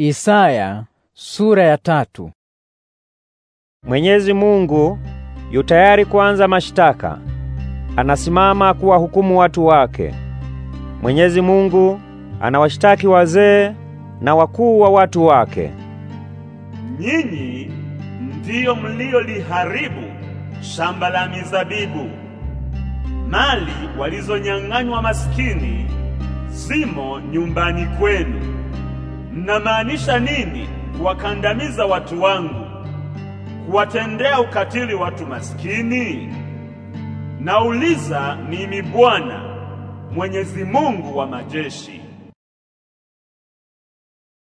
Isaya sura ya tatu. Mwenyezi Mungu yu tayari kuanza mashitaka, anasimama kuwahukumu watu wake. Mwenyezi Mungu anawashtaki wazee na wakuu wa watu wake. Nyinyi ndiyo mliyoliharibu shamba la mizabibu, mali walizonyang'anywa masikini zimo nyumbani kwenu. Mnamaanisha nini kuwakandamiza watu wangu, kuwatendea ukatili watu maskini? Nauliza mimi Bwana Mwenyezi Mungu wa majeshi.